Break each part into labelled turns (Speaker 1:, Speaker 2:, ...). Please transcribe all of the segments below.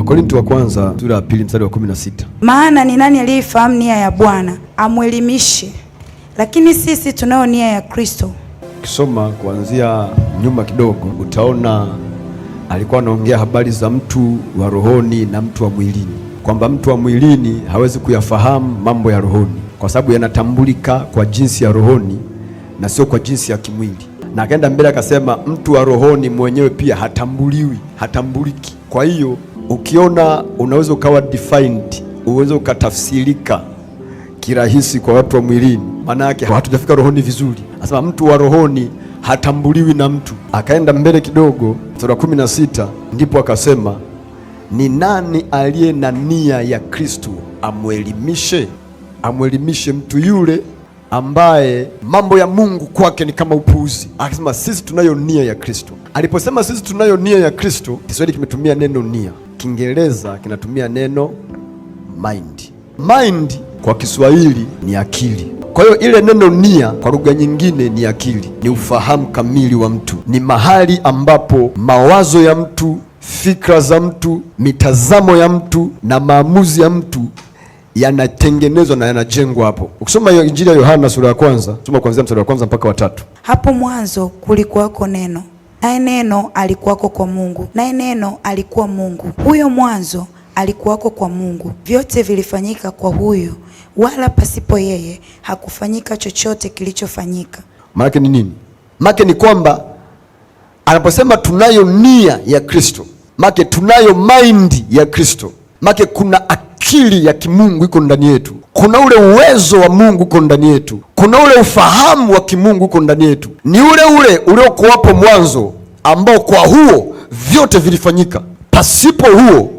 Speaker 1: wakorintu wa kwanza sura ya pili mstari wa 16.
Speaker 2: Maana ni nani aliyefahamu nia ya Bwana amwelimishe, lakini sisi tunayo nia ya Kristo.
Speaker 1: Ukisoma kuanzia nyuma kidogo, utaona alikuwa anaongea habari za mtu wa rohoni na mtu wa mwilini, kwamba mtu wa mwilini hawezi kuyafahamu mambo ya rohoni kwa sababu yanatambulika kwa jinsi ya rohoni na sio kwa jinsi ya kimwili. Na akaenda mbele akasema, mtu wa rohoni mwenyewe pia hatambuliwi, hatambuliki. Kwa hiyo ukiona unaweza ukawa defined, uweze ukatafsirika kirahisi kwa watu wa mwilini, maana yake hatujafika rohoni vizuri. Anasema mtu wa rohoni hatambuliwi na mtu. Akaenda mbele kidogo, sura kumi na sita ndipo akasema ni nani aliye na nia ya Kristo amwelimishe, amwelimishe mtu yule ambaye mambo ya Mungu kwake ni kama upuuzi. Akasema sisi tunayo nia ya Kristo. Aliposema sisi tunayo nia ya Kristo, Kiswahili kimetumia neno nia. Kiingereza kinatumia neno mind. Mind kwa Kiswahili ni akili. Kwa hiyo ile neno nia kwa lugha nyingine ni akili, ni ufahamu kamili wa mtu, ni mahali ambapo mawazo ya mtu, fikra za mtu, mitazamo ya mtu na maamuzi ya mtu yanatengenezwa na yanajengwa hapo. Ukisoma Injili ya Yohana sura ya kwanza, soma kuanzia mstari wa kwanza mpaka wa tatu.
Speaker 2: Hapo mwanzo kulikuwako neno naye neno alikuwako kwa Mungu, naye neno alikuwa Mungu. Huyo mwanzo alikuwako kwa Mungu. Vyote vilifanyika kwa huyo, wala pasipo yeye hakufanyika chochote kilichofanyika.
Speaker 1: Maanake ni nini? Maanake ni kwamba anaposema tunayo nia ya Kristo, maanake tunayo maindi ya Kristo, maanake kuna akili ya kimungu iko ndani yetu kuna ule uwezo wa Mungu uko ndani yetu, kuna ule ufahamu wa kimungu uko ndani yetu, ni ule ule uliokuwapo mwanzo, ambao kwa huo vyote vilifanyika, pasipo huo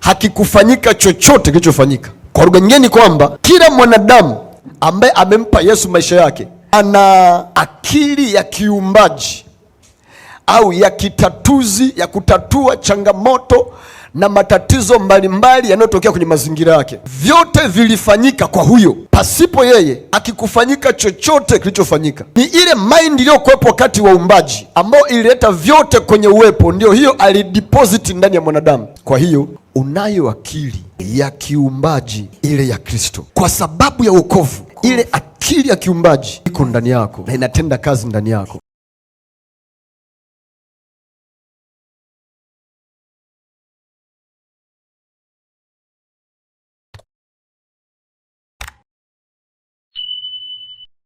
Speaker 1: hakikufanyika chochote kilichofanyika. Kwa lugha nyingine, kwamba kila mwanadamu ambaye amempa Yesu maisha yake ana akili ya kiumbaji au ya kitatuzi ya kutatua changamoto na matatizo mbalimbali yanayotokea kwenye mazingira yake. Vyote vilifanyika kwa huyo, pasipo yeye akikufanyika chochote kilichofanyika. Ni ile mind iliyokuwepo wakati wa uumbaji ambayo ilileta vyote kwenye uwepo, ndio hiyo alideposit ndani ya mwanadamu. Kwa hiyo unayo akili ya kiumbaji ile ya Kristo kwa sababu ya wokovu. Ile akili ya kiumbaji iko ndani yako na inatenda kazi ndani yako.